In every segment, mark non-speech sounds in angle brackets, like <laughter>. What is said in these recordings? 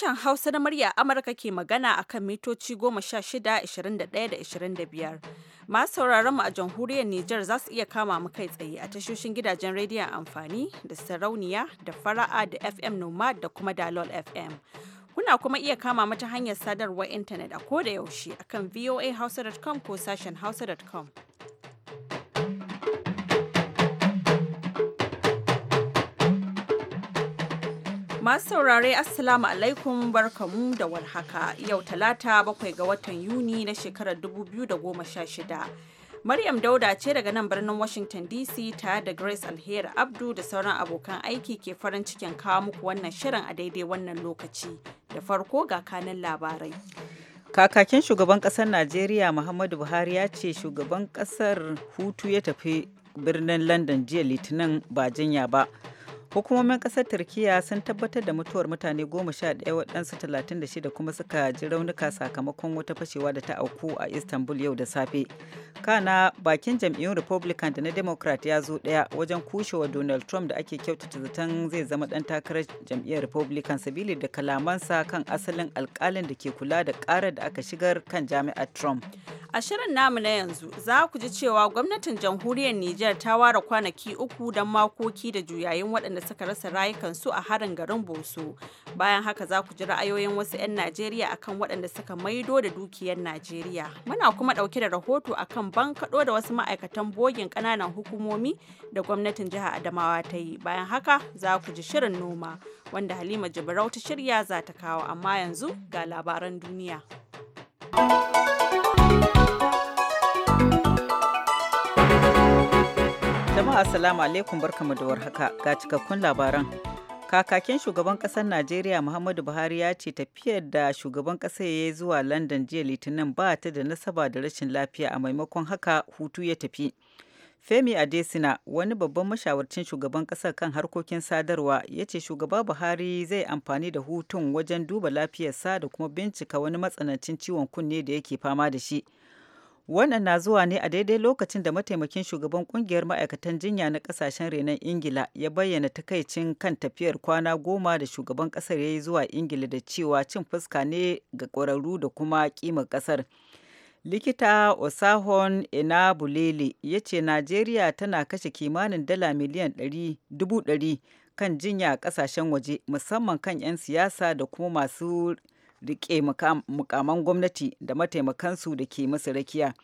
Sashen Hausa na murya Amurka ke magana a kan mitoci 16, 21 da biyar Masu sauraron mu a jamhuriyar Nijar za su iya kama mu kai tsaye a tashoshin gidajen rediyon amfani da sarauniya da fara'a da FM Nomad da kuma Dalol FM. Kuna kuma iya kama mata hanyar sadarwar intanet a koda yaushe akan voahausa.com ko sashen hausa.com. Masu saurare Assalamu alaikum barkamu da warhaka yau talata bakwai ga watan Yuni na shekarar 2016. Maryam Dauda ce daga nan birnin Washington DC tare da Grace Alheri Abdu da sauran abokan aiki ke farin cikin kawo muku wannan shirin a daidai wannan lokaci. Da farko ga kanin labarai. Kakakin shugaban ƙasar Najeriya Muhammadu Buhari ya ce shugaban ƙasar hutu ya tafi birnin London jiya Litinin ba jinya ba. hukumomin kasar turkiya sun tabbatar da mutuwar mutane goma sha ɗaya waɗansu talatin da shida kuma suka ji raunuka sakamakon wata fashewa da ta auku a istanbul yau da safe kana bakin jam'iyyun republican da na democrat ya zo ɗaya wajen kushewa donald trump da ake kyautata zaton zai zama ɗan takarar jam'iyyar republican sabili da kalamansa kan asalin alkalin da ke kula da ƙarar da aka shigar kan jami'ar trump a shirin namu na yanzu za ku ji cewa gwamnatin jamhuriyar niger ta ware kwanaki uku don makoki da juyayin waɗanda da suka rasa rayukansu a harin garin Boso. Bayan haka za ku ji ra'ayoyin wasu 'yan Najeriya akan waɗanda suka maido da dukiyar Najeriya. Muna kuma ɗauke da rahoto akan bankaɗo da wasu ma'aikatan bogin ƙananan hukumomi da gwamnatin jihar Adamawa ta yi. Bayan haka za ku ji shirin noma wanda Halima jibrau ta shirya za ta kawo amma yanzu ga labaran duniya. Jama'a assalamu alaikum barkamu da warhaka ga cikakkun labaran. Kakakin shugaban ƙasar Najeriya Muhammadu Buhari ya ce tafiyar da shugaban ƙasar ya yi zuwa London jiya Litinin ba ta da nasaba da rashin lafiya a maimakon haka hutu ya tafi. Femi Adesina wani babban mashawarcin shugaban ƙasar kan harkokin sadarwa ya ce shugaba Buhari zai amfani da hutun wajen duba lafiyarsa da kuma bincika wani matsanancin ciwon kunne da yake fama da shi. Wannan na zuwa ne a daidai lokacin da mataimakin shugaban kungiyar ma'aikatan jinya na kasashen renon Ingila ya bayyana takaicin kan tafiyar kwana goma da shugaban kasar ya yi zuwa Ingila da cewa cin fuska ne ga ƙwararru da kuma kimar kasar. Likita Osahon Enabulele ya ce Najeriya tana kashe kimanin dala miliyan kan jinya a kasashen waje musamman kan 'yan siyasa da kuma masu riƙe mukaman gwamnati da mataimakansu da ke masa rakiya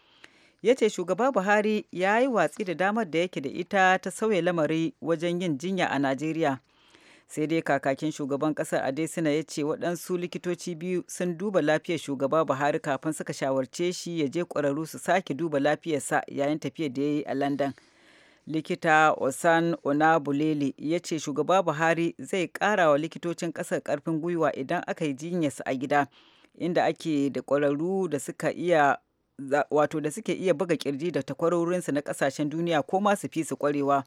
ya ce shugaba buhari ya yi watsi da damar da yake da ita ta sauya lamari wajen yin jinya a najeriya sai dai kakakin shugaban kasar adesina ya ce waɗansu likitoci biyu sun duba lafiyar shugaba buhari kafin suka shawarce shi ya je ƙwararru su sake duba lafiyarsa yayin tafiyar da ya yi a london likita osan onabulele ya ce shugaba buhari zai kara wa likitocin kasar karfin gwiwa idan aka yi jinyarsu a gida inda ake da kwararru da suka iya wato da suke iya buga kirji da takwarorinsu na kasashen duniya ko ma su fi su kwarewa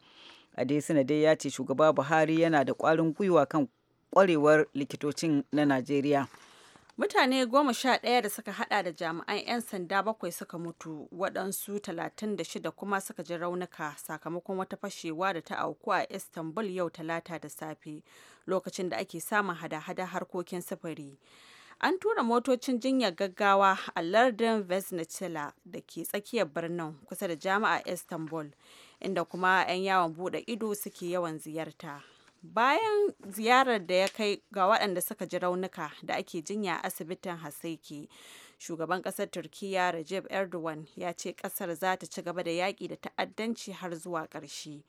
adesina dai ya ce shugaba buhari yana da kwarin gwiwa kan kwarewar likitocin na najeriya mutane goma sha ɗaya da suka hada da jami'an 'yan sanda bakwai suka mutu waɗansu talatin da shida kuma suka ji raunuka sakamakon wata fashewa da ta auku a istanbul yau talata da safe lokacin da ake samun hada-hada harkokin sufuri an tura motocin jinyar gaggawa a lardin vesnitsila da ke tsakiyar birnin kusa da jami'a istanbul inda kuma 'yan yawon buɗe ido suke yawan ziyarta bayan ziyarar da ya kai ga waɗanda suka ji raunuka da ake jinya a asibitin haseki shugaban ƙasar turkiya Recep erdogan ya ce ƙasar za ta ci gaba da yaƙi da ta'addanci har zuwa ƙarshe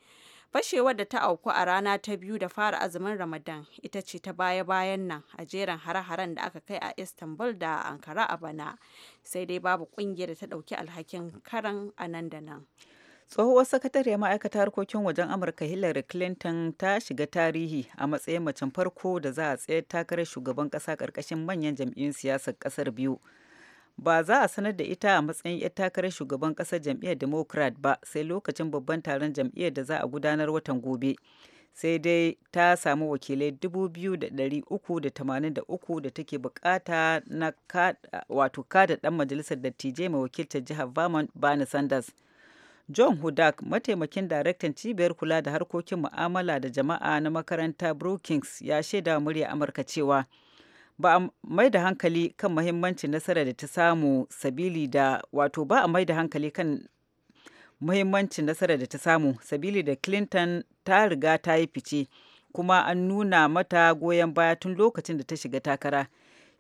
fashewar da ta auku a rana ta biyu da fara azumin ramadan ita ce ta baya-bayan nan a jeran hare-haren da aka kai a istanbul da ankara a bana sai dai babu ƙungiyar da ta ɗauki alhakin karan a nan da nan tsohuwar sakatariyar ma'aikatar harkokin wajen amurka hillary clinton ta shiga tarihi a matsayin macen farko da za a tsayar takarar shugaban kasa karkashin manyan jam'iyyun siyasar kasar biyu ba za a sanar da ita a matsayin 'yar takarar shugaban kasar jam'iyyar democrat ba sai lokacin babban taron jam'iyyar da za a gudanar watan gobe sai dai ta samu wakilai 2,383 da take bukata na wato kada dan majalisar dattijai mai wakiltar jihar vermont bernie sanders John Hudak, mataimakin daraktan cibiyar kula da harkokin mu'amala da jama'a na makaranta Brookings ya shaida murya Amurka cewa ba a mai da hankali kan muhimmancin nasarar da ta samu sabili da wato ba a mai da hankali kan muhimmancin nasarar da ta samu sabili da Clinton ta riga ta yi fice kuma an nuna mata goyon baya tun lokacin da ta shiga takara.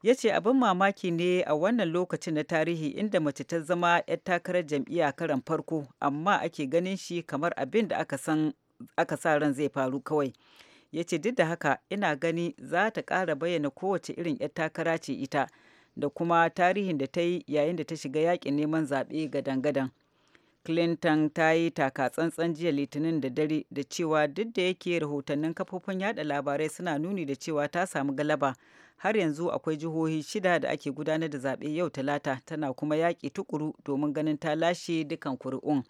ya ce abin mamaki ne a wannan lokacin na tarihi inda mace ta zama 'yar takarar jam'iyya karan farko amma ake ganin shi kamar abin da aka sa ran zai faru kawai ya ce duk da haka ina gani za ta ƙara bayyana kowace irin 'yar takara ce ita da kuma tarihin da ta yi yayin da ta shiga yakin neman zaɓe gadan-gadan clinton ta yi takatsantsan jiya litinin da dare da cewa duk da yake rahotannin kafofin yada labarai suna nuni da cewa ta samu galaba har yanzu akwai jihohi shida da ake gudanar da zaɓe yau talata tana kuma yaƙi tukuru domin ganin ta lashe dukan kuri'un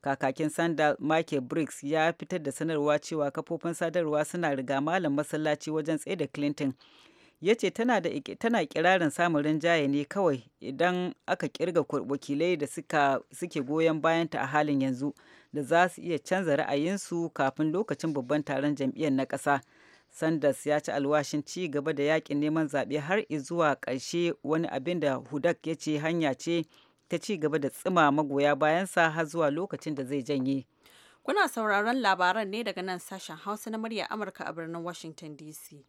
kakakin sandal michael briggs ya fitar da sanarwa cewa kafofin sadarwa suna riga malam masallaci wajen tsaye da clinton ya ce tana tana kirarin samun rinjaye ne kawai idan aka kirga wakilai da suka suke goyon bayanta a halin yanzu da za su iya canza ra'ayinsu kafin lokacin babban taron jam'iyyar na ƙasa sanders ya ci alwashin ci gaba da yakin neman zaɓe har zuwa ƙarshe wani abin da hudak ya ce hanya ce ta ci gaba da tsima magoya bayansa har zuwa lokacin da zai janye kuna sauraron labaran ne daga nan sashen hausa na murya amurka a birnin washington dc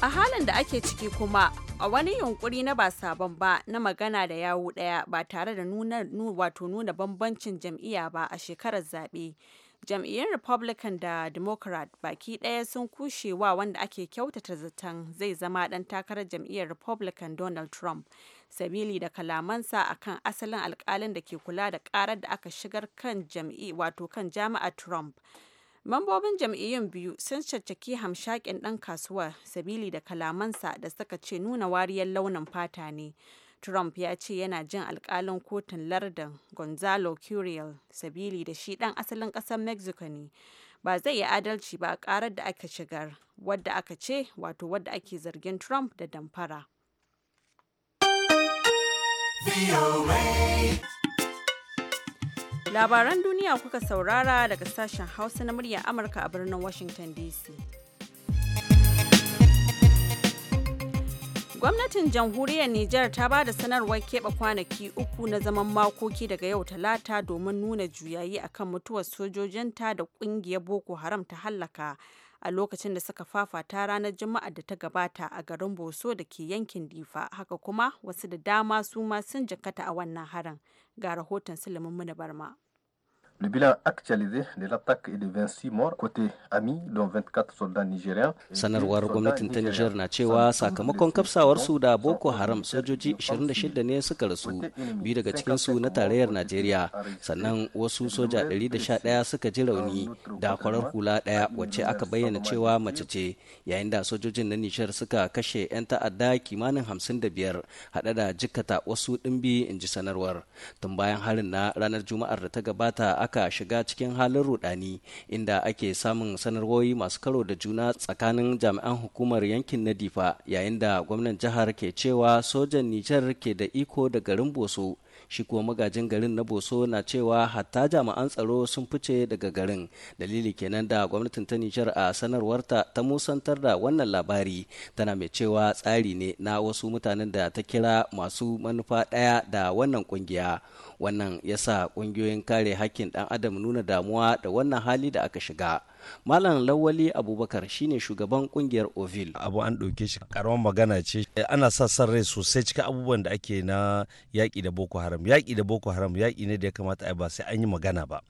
A halin da ake ciki kuma a wani yunkuri na ba sabon ba na magana da yawu daya ba tare da nuna wato nuna bambancin jam'iyya ba a shekarar zaɓe. Jam'iyyun Republican da Democrat baki ɗaya sun kushe wa wanda ake kyautata zaton zai zama ɗan takarar jam'iyyar Republican Donald Trump. Sabili da kalamansa akan asalin alkalin da ke kula da ƙarar da aka shigar kan jam'i wato kan jami'a Trump. Mambobin jam'iyyun biyu sun caccaki hamshakin ɗan kasuwa sabili da kalamansa da suka ce nuna wariyar launin fata ne. Trump ya ce yana jin alkalin kotun lardin Gonzalo Curiel sabili da shi ɗan asalin ƙasar Mexico ne. Ba zai yi adalci ba a ƙarar da aka shigar, wadda aka ce wato wadda ake zargin Trump da damfara. Labaran duniya kuka saurara daga sashen Hausa na muryar Amurka a birnin Washington DC. Gwamnatin jamhuriyar Nijar ta ba da sanarwar keɓe kwanaki uku na zaman makoki daga yau talata domin nuna juyayi a kan mutuwar sojojinta da ƙungiyar Boko Haram ta hallaka a lokacin da suka fafata ranar Juma'a da ta gabata a garin Boso da ke yankin Difa. Haka kuma wasu da dama su ma sun jakata a wannan harin. Ga rahoton Sulaiman Muna Barma. Le bilan actualisé de l'attaque est de 26 morts côté ami dont 24 soldats nigériens. Sanarwar gwamnatin ta Nijar na cewa sakamakon kafsawar su da Boko Haram sojoji 26 ne suka rasu, biyu daga cikin su na tarayyar Najeriya. Sannan wasu soja 111 suka ji rauni da kwarar hula daya wacce aka bayyana cewa mace ce, yayin da sojojin na Nijar suka kashe 'yan ta'adda kimanin 55 hada da jikkata wasu dimbi in ji sanarwar. Tun bayan harin na ranar Juma'ar da ta gabata aka shiga cikin halin rudani inda ake samun sanarwoyi masu karo da juna tsakanin jami'an hukumar yankin nadifa yayin da gwamnan jihar ke cewa sojan nijar ke da iko da garin boso shi kuwa magajin garin na boso na cewa hatta jami'an tsaro sun fice daga garin dalili kenan da gwamnatin ta nijar a sanarwarta ta musantar da wannan labari tana mai cewa tsari ne na wasu mutanen da ta kira masu manufa ɗaya da wannan kungiya wannan yasa ƙungiyoyin kare hakkin ɗan adam nuna damuwa da wannan hali da aka shiga Malam Lawali Abubakar shine shugaban kungiyar Ovil. Abu an ɗauke shi karamar magana ce ana sa san rai sosai cikin abubuwan da ake na yaƙi da Boko Haram. Yaƙi da Boko Haram yaƙi ne da ya kamata a ba sai an yi magana ba.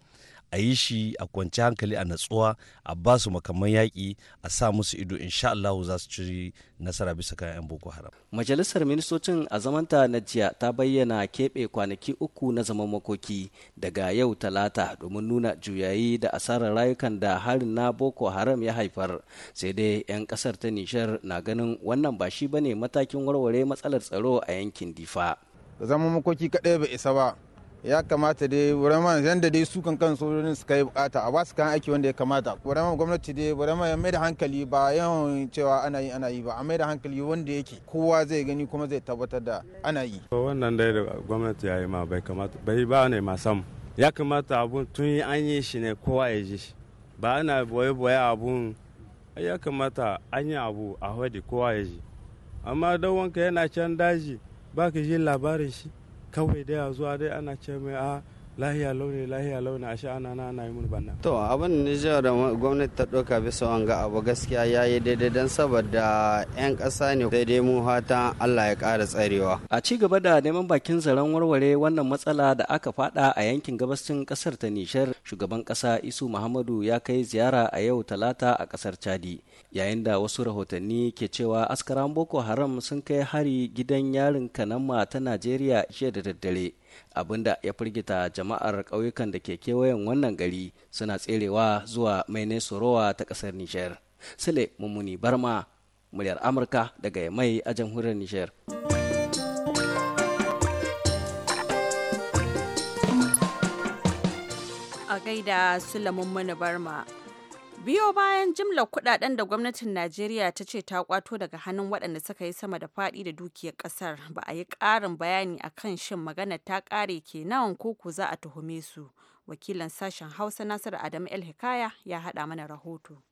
a yi shi a kwanci hankali a natsuwa a ba su makaman yaƙi a sa musu ido insha Allah za su ci nasara bisa kan 'yan boko haram majalisar ministocin a zamanta na jiya ta bayyana keɓe kwanaki uku na zaman makoki daga yau talata domin nuna juyayi da asarar rayukan da harin na boko haram ya haifar sai dai 'yan ƙasar ta nishar na ganin wannan ba shi bane matakin warware matsalar tsaro a yankin difa zaman makoki kaɗai bai isa ba ya kamata dai burama yadda dai su kan sojojin suka yi bukata a basu kan aiki wanda ya kamata burama gwamnati dai burama ya mai da hankali ba yawan cewa ana yi ana yi ba a mai da hankali wanda yake kowa zai gani kuma zai tabbatar da ana yi wannan dai da gwamnati ya yi ma bai kamata bai ba ne ma sam ya kamata abun tun an yi shi ne kowa ya ji shi ba ana boye boye abun ya kamata an yi abu a hwadi kowa ya ji amma don wanka yana can daji ba ka ji labarin shi kawai dai a zuwa dai ana ce mai a ah, lahiya launi lahiya launi a sha ana na yi mun banna. to abin nijar da gwamnati ta ɗauka bisa wanga abu gaskiya ya yi daidai don saboda 'yan ƙasa ne daidai mu hata allah ya ƙara tsarewa. a ci gaba da neman bakin zaren warware wannan matsala da aka fada a yankin gabashin ƙasar ta nishar shugaban ƙasa isu muhammadu ya kai ziyara a yau talata a ƙasar chadi yayin da wasu rahotanni ke cewa askaran boko haram sun kai hari gidan yarin kanama ta najeriya jiya da daddare. abinda ya firgita jama'ar ƙauyukan da ke kewayen wannan gari suna tserewa zuwa mai nesorowa ta ƙasar nijar sule mummuni barma muryar amurka daga mai a jamhuriyar nijar a gaida sule mummuni barma biyo bayan jimlar kudaden da gwamnatin najeriya ta ce ta kwato daga hannun waɗanda suka yi sama da fadi da dukiyar kasar ba a yi ƙarin bayani a kan shin magana ta ƙare kenan koko za a tuhume su wakilan sashen hausa nasiru adamu el hikaya ya haɗa mana rahoto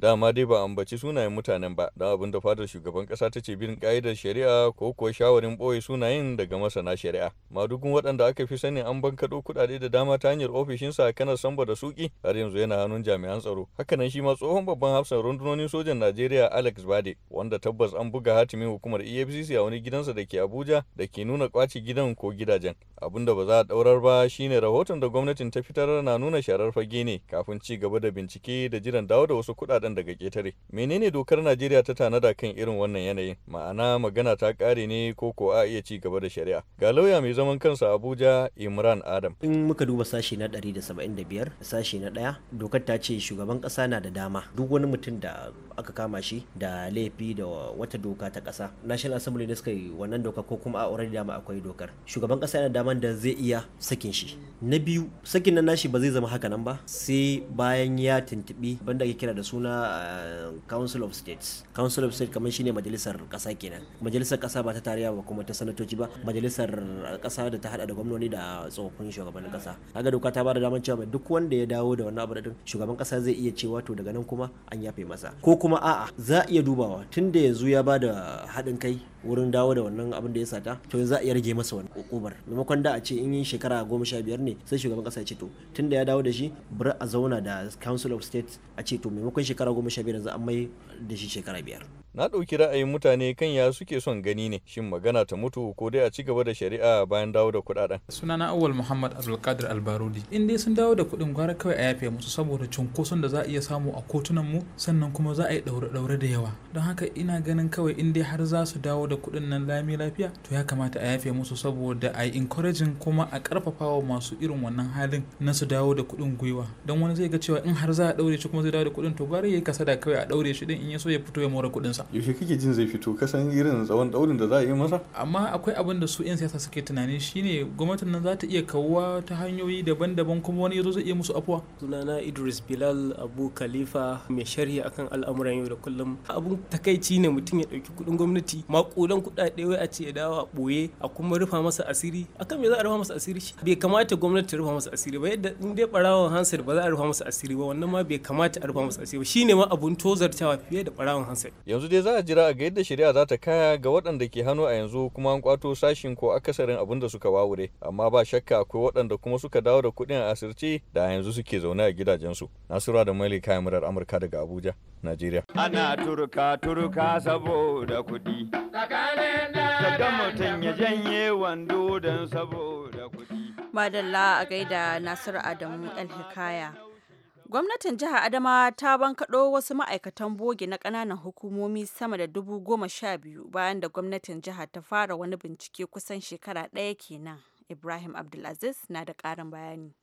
dama dai ba ambaci sunayen mutanen ba don abin da fadar shugaban kasa ta ce bin ka'idar shari'a ko kuwa shawarin boye sunayen daga masana shari'a madugun waɗanda aka fi sani an bankaɗo kuɗaɗe da dama ta hanyar ofishinsa a kanar samba da suki har yanzu yana hannun jami'an tsaro hakanan shi ma tsohon babban hafsan rundunonin sojan najeriya alex bade wanda tabbas an buga hatimin hukumar efcc a wani gidansa da ke abuja da ke nuna kwaci gidan ko gidajen abin da ba za a ɗaurar ba shine rahoton da gwamnatin ta fitar na nuna sharar fage ne kafin ci gaba da bincike da jiran dawo da wasu kuɗaɗen kuɗaɗen daga ƙetare menene dokar najeriya ta tanada kan irin wannan yanayin ma'ana magana ta kare ne ko ko a iya ci gaba da shari'a ga lauya mai zaman kansa abuja imran adam in muka duba sashi na ɗari da saba'in 175 sashi na ɗaya dokar ta ce shugaban ƙasa na da dama duk wani mutum da aka kama shi da laifi da wata doka ta ƙasa national assembly ne suka yi wannan doka ko kuma a already dama akwai dokar shugaban ƙasa na daman da zai iya sakin shi na biyu sakin nan nashi ba zai zama haka nan ba sai bayan ya tuntuɓi banda ake kira da suna council of states council of states kamar shine majalisar kasa kenan majalisar kasa ba ta tarayya ba kuma ta sanatoci ba majalisar kasa da ta hada da gwamnoni da tsofaffin shugabannin kasa kaga doka ta bada daman cewa duk wanda ya dawo da wannan abu shugaban kasa zai iya cewa to daga nan kuma an yafe masa ko kuma a'a za a iya dubawa tunda yanzu ya bada haɗin kai wurin dawo da wannan abin da ya sata to za a iya rage masa wani hukumar maimakon da a ce in yi shekara goma sha biyar ne sai shugaban kasa ya ce to tunda ya dawo da shi bari a zauna da council of state a ce to maimakon shekara shekara goma sha biyar yanzu an mai da shi shekara biyar na ɗauki ra'ayin mutane kan ya suke son gani ne shin magana ta mutu ko dai a ci gaba da shari'a bayan dawo da kuɗaɗen. sunana awal muhammad abdulkadir albarudi in dai sun dawo da kuɗin gwara kawai a yafe musu saboda cunkoson da za a iya samu a kotunan mu sannan kuma za a yi ɗaure-ɗaure da yawa don haka ina ganin kawai in dai har za su dawo da kuɗin nan lami lafiya to ya kamata a yafe musu saboda a yi encouraging kuma a ƙarfafa wa masu irin wannan halin na su dawo da kuɗin gwiwa don wani zai ga cewa in har za a ɗaure shi kuma zai dawo da kuɗin to gwara ya yi kasada kawai a ɗaure shi din in ya so ya fito ya more kuɗinsa. yaushe kake jin zai fito kasan irin tsawon daurin da za a yi masa amma akwai abin da su 'yan siyasa suke tunani shine gwamnatin nan za ta iya kawuwa ta hanyoyi daban-daban kuma wani yazo zai iya musu afuwa sunana idris bilal abu khalifa mai sharhi akan al'amuran yau da kullum abun takaici ne mutum ya dauki kudin gwamnati makudan kudade wai a ce ya dawo a boye a kuma rufa masa asiri akan me za a rufa masa asiri bai kamata gwamnati ta rufa masa asiri ba yadda in dai barawon hansar ba za a rufa masa asiri ba wannan ma bai kamata a rufa masa asiri ba shine ma abun tozartawa fiye da barawon hansar yanzu dai za a jira a ga yadda shari'a za ta kaya ga waɗanda ke hannu a yanzu kuma an kwato sashin ko akasarin abin da suka wawure amma ba shakka akwai waɗanda kuma suka dawo da kuɗin a asirce da yanzu suke zaune a gidajensu nasura da mali kayan murar amurka daga abuja najeriya ana turka turka saboda kuɗi madalla a gaida nasiru adamu el hikaya Gwamnatin jihar Adamawa ta bankaɗo wasu ma'aikatan boge na ƙananan hukumomi sama da dubu goma sha biyu bayan da gwamnatin jihar ta fara wani bincike kusan shekara ɗaya kenan. Ibrahim Abdulaziz na da ƙarin bayani.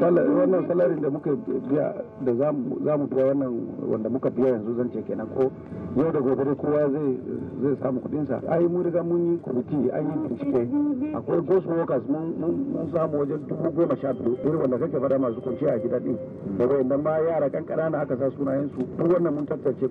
wannan salarin da muka biya da za mu biya wannan wanda muka biya yanzu zan ce kenan ko yau da gobe kowa zai zai samu sa. ai mun riga mun yi kwamiti an yi bincike akwai ghost workers mun samu wajen dubu goma sha biyu irin wanda kake fada masu kwanciya a gida din da nan ma yara kan na aka sa sunayen su duk wannan mun tattace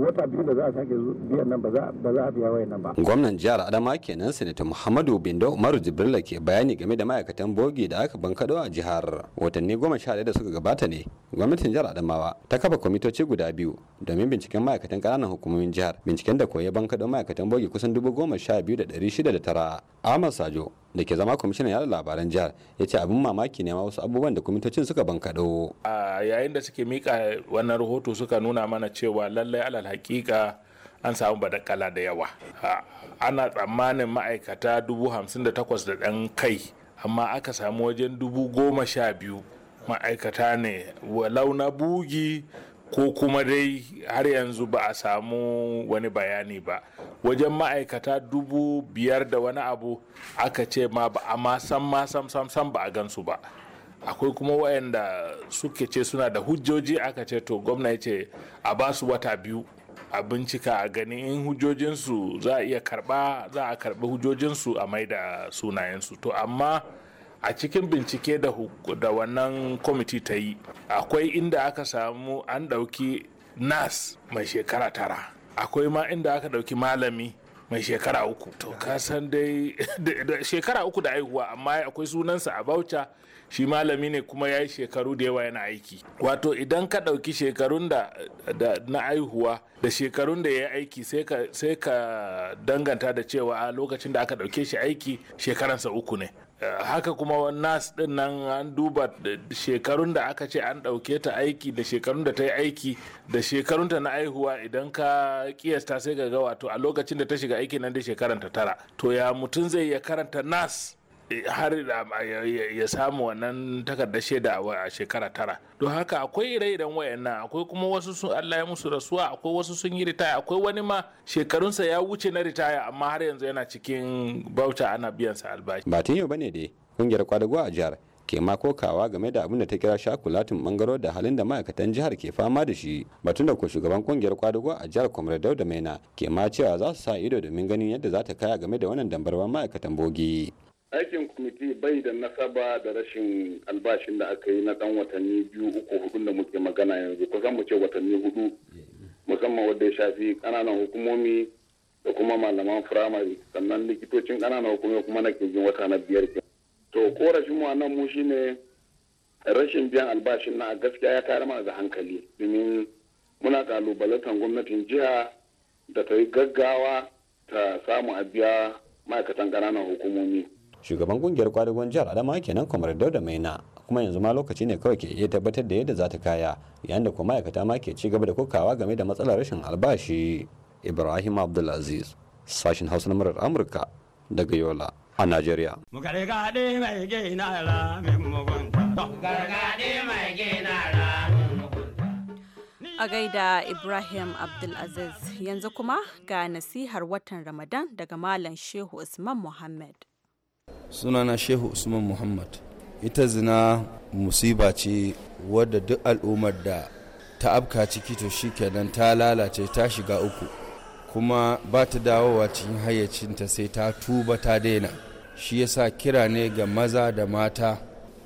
wata biyu da za a sake biyan nan ba za a biya wayan nan ba gwamnan jihar adama kenan sanata muhammadu bindo umaru jibrila ke bayani game da ma'aikatan bogi da aka bankado a jihar watanni goma sha da suka gabata ne gwamnatin jihar adamawa ta kafa kwamitoci guda biyu domin binciken ma'aikatan ƙananan hukumomin jihar binciken da koya bankaɗo ma'aikatan bogi kusan dubu goma sha biyu da ɗari shida da tara ahmad sajo da ke zama kwamishinan yada labaran jihar ya ce abin mamaki ne ma wasu abubuwan da kwamitocin suka bankaɗo. a yayin da suke mika wannan rahoto suka nuna mana cewa lallai alal hakika an samu badakala da yawa ana tsammanin ma'aikata dubu hamsin da takwas da ɗan kai amma aka samu wajen dubu goma sha biyu ma'aikata ne walau na bugi ko kuma dai har yanzu ba a samu wani bayani ba wajen ma'aikata dubu biyar da wani abu aka ce ma ba a ma san ma ba a gansu ba akwai kuma wayanda suke ce suna da hujjoji aka ce to gwamna ce a basu wata biyu a bincika a gani in hujjojinsu za a iya karba za a karbi hujjojinsu a mai da sunayensu to amma a cikin bincike da, wannan kwamiti ta yi akwai inda aka samu an ɗauki nas mai shekara tara akwai ma inda aka ɗauki malami mai shekara uku to kasan dai <laughs> shekara uku da aihuwa amma akwai sunansa a Baucha. shi malami ne kuma ya yi shekaru da yawa yana aiki wato idan ka ɗauki shekarun da na aihuwa da shekarun da ya yi aiki sai ka danganta da cewa a lokacin da aka ɗauke shi aiki shekaransa uku ne haka kuma nas ɗin nan an duba shekarun da aka ce an ɗauke ta aiki da shekarun da ta yi aiki da shekarun ta na aihuwa idan ka kiyasta sai ga wato a lokacin da ta shiga aiki nan da shekaranta tara to ya mutum zai ya karanta nas har ya samu wannan takardar shaida a shekara tara don haka akwai ire-iren wayannan akwai kuma wasu sun Allah ya musu rasuwa akwai wasu sun yi ritaya akwai wani ma shekarunsa ya wuce na ritaya amma har yanzu yana cikin bauta ana biyan sa albashi ba tun yau bane dai ƙungiyar kwadago a jihar ke ma kokawa game da abin da ta kira shakulatin bangaro da halin da ma'aikatan jihar ke fama da shi batun da ko shugaban kungiyar kwadago a jihar kwamre dauda maina ke ma cewa za su sa ido domin ganin yadda za ta kaya game da wannan dambarwar ma'aikatan bogi aikin kwamiti bai da nasaba da rashin albashin da aka yi na dan watanni biyu uku hudun da muke magana yanzu zan mu ce watanni hudu musamman wadda ya shafi kananan hukumomi da kuma malaman firamare sannan likitocin kananan hukumomi kuma na kirgin wata na biyar ke to korafin wa nan mu shine rashin biyan albashin na gaskiya ya tare mana da hankali domin muna kalubalantar gwamnatin jiha da ta yi gaggawa ta samu a biya ma'aikatan ƙananan hukumomi shugaban kungiyar kwadagon jihar adama kenan kwamar dauda maina kuma yanzu ma lokaci ne kawai ke iya tabbatar da yadda za ta kaya yayin da kuma ma'aikata ma ke ci gaba da kokawa game da matsalar rashin albashi ibrahim abdulaziz sashin hausa na murar amurka daga yola a nigeria a gaida ibrahim abdulaziz yanzu kuma ga nasihar watan ramadan daga malam shehu usman muhammad sunana shehu usman muhammad ita zina musiba ce wadda duk al'ummar da ta afka ciki to kenan ta lalace ta shiga uku kuma ba ta dawowa cikin hayyacinta sai ta tuba ta daina shi yasa kira ne ga maza da mata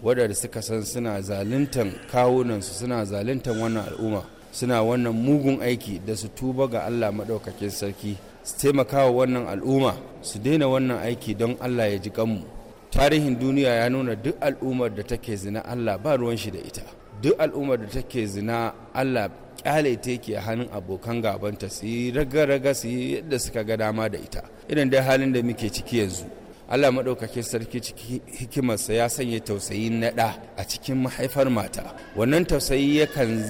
waɗanda suka san suna zalintan kawunansu suna zalintan wannan al'umma suna wannan mugun aiki da su tuba ga allah maɗaukakin sarki su taimakawa wannan al'umma su daina wannan aiki don allah ya ji kanmu tarihin duniya ya nuna duk al'ummar da take zina allah ba ruwan shi da ita duk al'ummar da take zina allah kyale ta yake hannun abokan gabanta su yi raga-raga su yi yadda suka ga dama da ita irin dai halin da muke ciki yanzu allah maɗaukakin sarki ciki hikimarsa ya sanya tausayi na ɗa a cikin mahaifar mata wannan tausayi yakan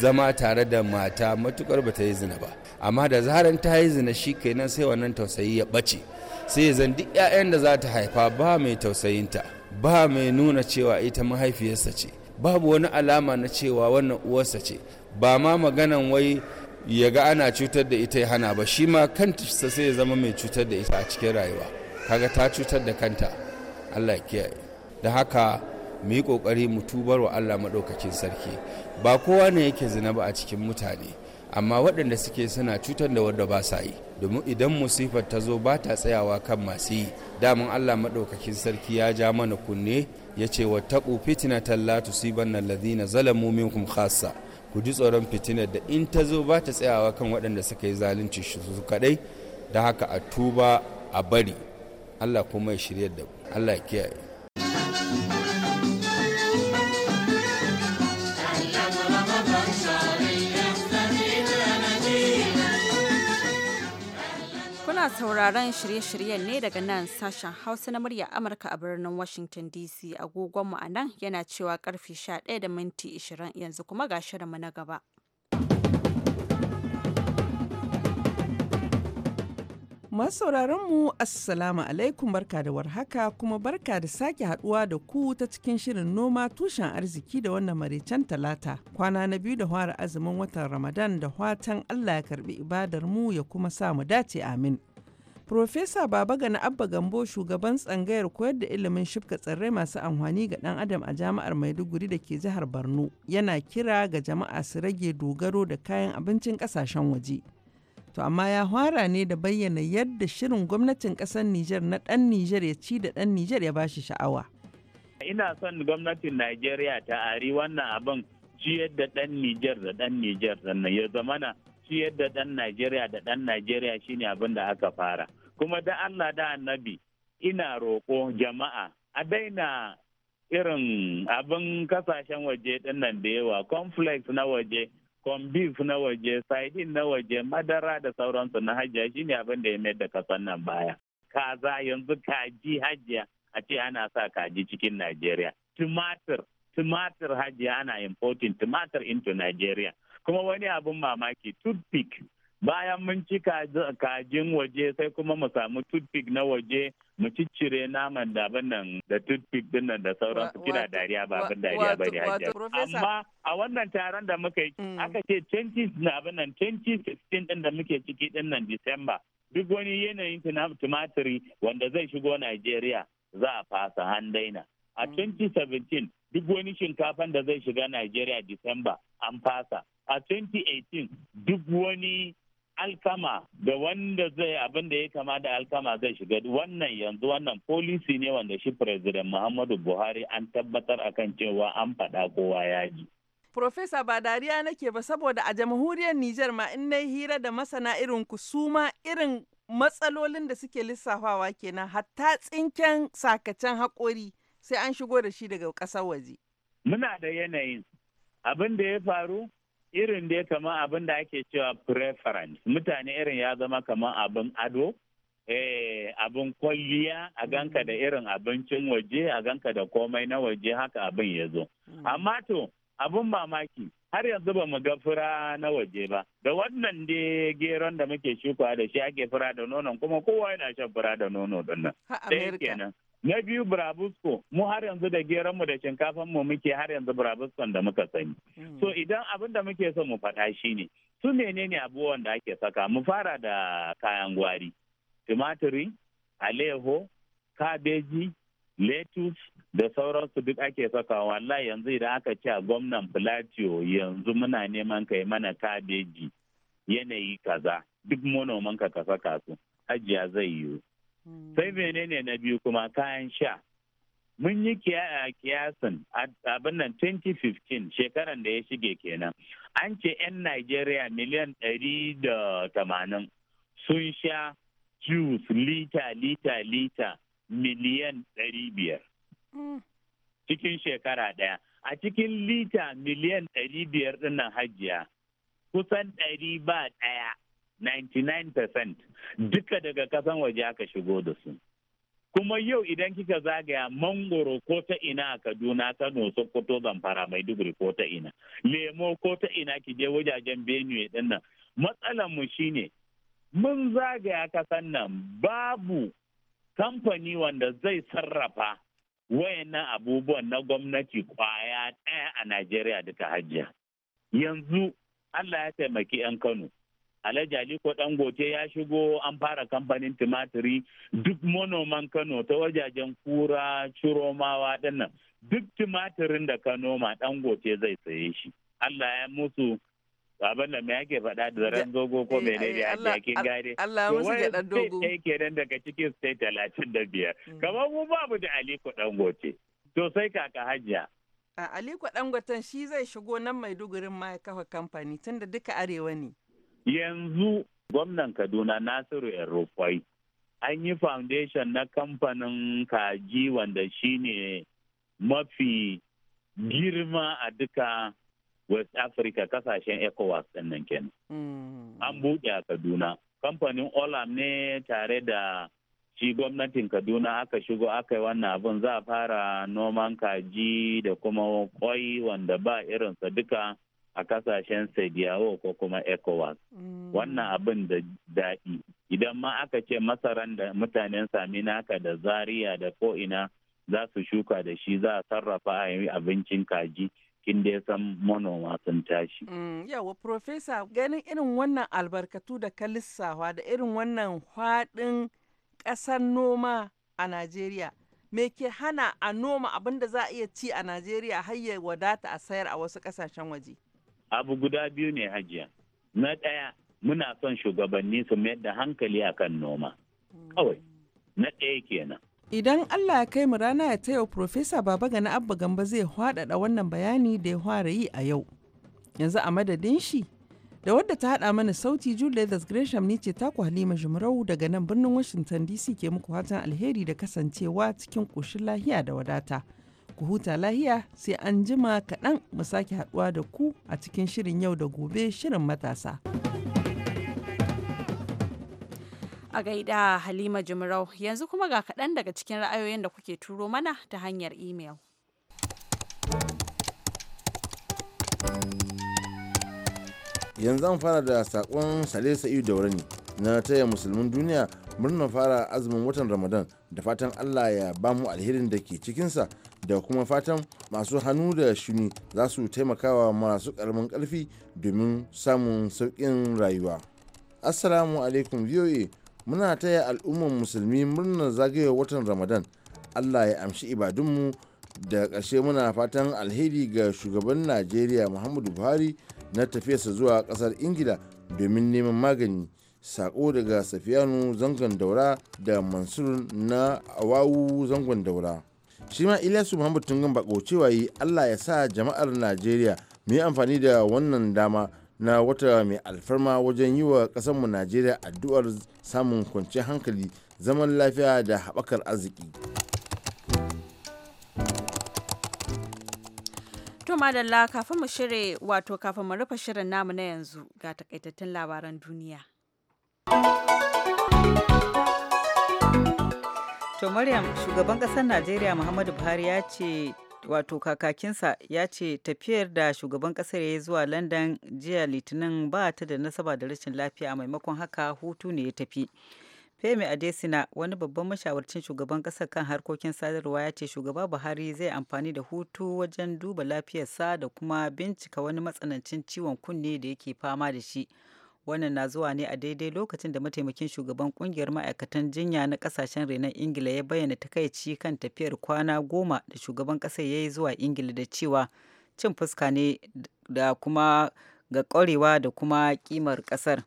zama tare da mata matukar ba ta yi zina ba amma da zaran ta yi zina shi kenan sai wannan tausayi ya bace sai ya zan duk 'ya'yan da za ta haifa ba mai tausayinta ba mai nuna cewa ita mahaifiyarsa ce babu wani alama na cewa wannan uwarsa ce ba ma maganan wai ya ga ana cutar da ita ya hana ba shi ma kanta sai ya zama mai cutar da ita a cikin rayuwa kaga ta cutar da kanta allah ya kiyaye da haka mu yi kokari mu tubar wa allah maɗaukakin sarki ba kowa ne yake zina ba a cikin mutane amma waɗanda suke suna cutar da wadda ba sa yi domin idan musifar ta zo ba ta tsayawa kan masu yi damin allah maɗaukakin sarki ya ja mana kunne ya ce wa taɓu fitinatan la na alladhina zalamu minkum khassa ku ji tsoron fitinar da in ta zo ba ta tsayawa kan waɗanda suka yi zalunci su kaɗai da haka a tuba a bari allah kuma ya shirya da allah ya kiyaye sauraron shirye-shiryen ne daga nan sashen Hausa na murya Amurka a birnin Washington DC agogonmu a nan yana cewa karfe 11 da minti 20 yanzu kuma ga shirinmu na gaba. Masu sauraron mu Assalamu alaikum barka da warhaka kuma barka da sake haduwa da ku ta cikin shirin noma tushen arziki da wannan maraicen talata kwana na biyu da fara azumin watan Ramadan da watan Allah ya karbi ibadar mu ya kuma sa mu dace amin. Profesa na Abba Gambo shugaban tsangayar koyar da ilimin shifka tsirrai masu amfani ga ɗan adam a jami'ar Maiduguri da ke jihar Borno yana kira ga jama'a su rage dogaro da kayan abincin ƙasashen waje. To amma ya fara ne da bayyana yadda shirin gwamnatin ƙasar Nijar na ɗan Nijar ya ci da ɗan Nijar ya bashi sha'awa. Ina son gwamnatin Najeriya ta ari wannan abin ci yadda ɗan Nijar da ɗan Nijar sannan ya zamana ciyar yadda ɗan Najeriya da ɗan Najeriya shine abin da aka fara. kuma da Allah da annabi ina roƙo jama'a a daina irin abin kasashen waje dinnan da yawa complex na waje corn na waje sardine na waje madara da sauransu na hajiya shine abin da ya mai da kasan nan baya kaza yanzu kaji hajiya a ce ana sa kaji cikin nigeria. tumatir tumatir hajiya ana importing tumatir into nigeria. kuma wani abin mamaki toothpick bayan mun ci kajin waje sai kuma mu samu toothpick na waje mu ciccire naman da nan da toothpick din nan da sauran su kina dariya ba abin dariya ba ne hajjar amma a wannan taron da muka yi mm. aka ce 20 na abin nan 2016 din da muke ciki din nan December duk wani yanayin tumatiri wanda zai shigo nigeria za a fasa han a 2017 mm. duk wani shinkafan da zai shiga Najeriya Disamba an fasa. A 2018 duk wani alkama da wanda zai abin da ya kama da alkama zai shiga wannan yanzu wannan polisi ne wanda shi president muhammadu buhari an tabbatar a kan cewa an fada kowa ya ji Profesa ba dariya nake ba saboda a jamhuriyar Nijar ma in na hira da masana irin ku su irin matsalolin da suke lissafawa kenan hatta tsinken sakacen haƙori sai an shigo da shi daga ƙasar waje. Muna da yanayin abin da ya faru irin dai kamar abin da ake cewa preference mutane irin ya zama kamar abin ado eh, abin kwalliya a ganka da irin abincin waje a ganka da komai na waje haka abin ya zo mm. amma to abin mamaki har yanzu ba mu ga fura na waje ba da wannan da geron da muke shukawa da shi ake fura da nonon kuma kowa yana shan fura da nono dinnan nan kenan Na biyu Burabusko, mu har yanzu da geronmu da mu muke har yanzu Burabuskon da muka sani. Hmm. So idan abin da muke so mu faɗa shi ne, su menene abubuwan da ake saka mu fara da kayan gwari, tumaturi, aleho, kabeji, lettuce da sauransu duk ake saka wallahi yanzu idan aka ce gwamnan Plateau yanzu muna neman kai mana kabeji yanayi kaza duk manoman ka saka su ajiya zai yiwu sai menene na biyu kuma kayan sha mun yi kiyasin abin nan 2015 shekaran da ya shige kenan an ce 'yan nigeria miliyan 180 sun sha juice lita lita lita miliyan 500 mm. cikin shekara daya. a cikin lita miliyan 500 ɗinnan hajiya kusan ɗari ba daya. 99% duka daga kasan waje aka shigo da su. Kuma yau idan kika zagaya mangoro ko ta ina a Kaduna, Kano, Sokoto, Zamfara, Maiduguri ko ta ina. Lemo ko ta ina ki je wajajen Benue din nan. Matsalar mu shine mun zagaya kasan nan babu kamfani wanda zai sarrafa wayannan abubuwan na gwamnati kwaya ɗaya a Najeriya duka hajjiya. Yanzu Allah ya taimaki 'yan Kano. alhaji aliko dangote ya shigo an fara kamfanin tumatiri duk manoman kano ta wajajen kura ciromawa dinnan duk tumatirin da ka noma dangote zai saye shi allah ya musu abin da ke faɗa da zaren eh, eh, dogo ko menene a cikin gare Allah wasu gyaɗar dogo sai nan daga cikin sai talatin da biyar hmm. kamar mu babu da Aliko Dangote to sai kaka hajiya a Aliko Dangoten shi zai shigo nan Maidugurin ma ya kafa kamfani tunda duka arewa ne yanzu gwamnan kaduna nasiru El-Rufai an yi foundation na kamfanin kaji wanda shine mafi girma a duka west africa kasashen ecowas nan kenan mm. an buɗe a kaduna kamfanin olam ne tare da shi gwamnatin kaduna aka shigo aka yi wannan abin za a fara noman kaji da kuma kwai wanda ba irinsa duka a kasashen sadiyawo ko kuma ecowas mm. wannan abin da daɗi idan ma aka ce masaran da mutanen sami naka da zaria da ko'ina za su shuka da shi za a sarrafa a yi abincin kaji kin da ya san manoma sun tashi. Mm, Yawa, Profesa, ganin irin wannan albarkatu da ka lissawa da irin wannan faɗin ƙasar noma a Najeriya, me ke hana a noma abin da za a iya ci a Najeriya har ya wadata a sayar a wasu ƙasashen waje? abu guda biyu ne hajiya na ɗaya muna son shugabanni su mayar da hankali akan noma kawai na ɗaya kenan Idan Allah ya kai mu rana ya yau Profesa Baba Gani Abba Gamba zai hwaɗaɗa wannan bayani da ya fara yi a yau. Yanzu a madadin shi, da wadda ta haɗa mana sauti Julius Gresham ni ce taku Halima Jumrau daga nan birnin Washington DC ke muku fatan alheri da kasancewa cikin ƙoshin lahiya da wadata. ku huta lahiya sai an jima kaɗan mu sake haɗuwa da ku a cikin shirin yau da gobe shirin matasa. A gaida Halima Jimrau yanzu kuma ga kaɗan daga cikin ra'ayoyin da kuke turo mana ta hanyar imel. Yanzu an fara da saƙon Sale da Daurani na taya musulmin duniya murnar fara azumin watan Ramadan da fatan Allah ya bamu alherin da ke cikinsa da kuma fatan masu hannu da shuni za su taimakawa masu karamin karfi domin samun sauƙin rayuwa assalamu alaikum voa muna taya al'ummar musulmi murnar zagayowar watan ramadan allah ya amshi ibadunmu da ƙarshe muna fatan alheri ga shugaban najeriya muhammadu buhari na tafiyarsa zuwa ƙasar ingila domin neman magani sako daga safiyanu zangon daura da mansur na awawu zangon daura shi ma ilyasu muhammad tungun bako cewa yi allah ya sa jama'ar najeriya mu yi amfani da wannan dama na wata mai alfarma wajen yi wa ƙasarmu najeriya addu'ar samun kwanciyar hankali zaman lafiya da haɓakar arziki to madalla kafin mu shirye wato kafin mu rufe shirin namu na yanzu ga takaitattun labaran duniya. To Maryam shugaban ƙasar Najeriya Muhammadu Buhari ya ce wato kakakinsa ya ce tafiyar da shugaban ƙasar ya yi zuwa London jiya Litinin ba ta da nasaba da rashin lafiya maimakon haka hutu ne ya tafi. Femi Adesina wani babban mashawarcin shugaban ƙasar kan harkokin sadarwa ya ce shugaba Buhari zai amfani da hutu wajen duba lafiyarsa da kuma bincika wani matsanancin ciwon kunne da yake fama da shi. Wannan na zuwa ne a daidai lokacin da mataimakin shugaban kungiyar ma'aikatan jinya na kasashen renon Ingila ya bayyana takaici kan tafiyar kwana goma da shugaban kasa ya yi zuwa Ingila da cewa cin fuska ne da kuma ga kwarewa da kuma kimar kasar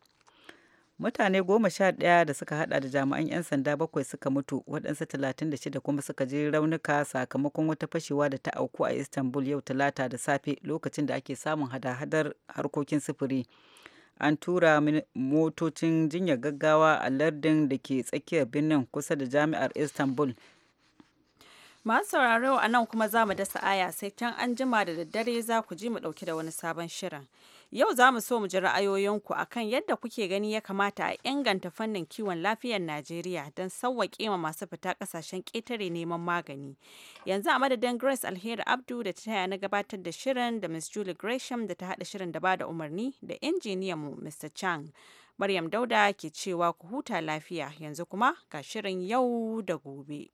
Mutane goma sha ɗaya da suka hada da jami'an 'yan sanda bakwai suka mutu waɗansu talatin da shida kuma suka je raunuka sakamakon wata fashewa da ta auku a Istanbul yau talata da safe lokacin da ake samun hada-hadar harkokin sufuri. an tura motocin jinyar gaggawa a lardin da ke tsakiyar birnin kusa da jami'ar istanbul masu sauraro a nan kuma za mu dasa aya sai can an jima da daddare za ku ji mu ɗauki da wani sabon shirin Yau za mu so mu ji ra'ayoyinku akan yadda kuke gani ya kamata a inganta fannin kiwon lafiyar Najeriya don sauwaƙe ma masu fita ƙasashen ƙetare neman magani. Yanzu a madadin Grace Alheri Abdu da ta taya na gabatar da shirin da Miss Julie Gresham da ta haɗa shirin da ba da umarni da mu Mr. Chang. Maryam Dauda ke cewa ku huta lafiya yanzu kuma ga shirin yau da gobe.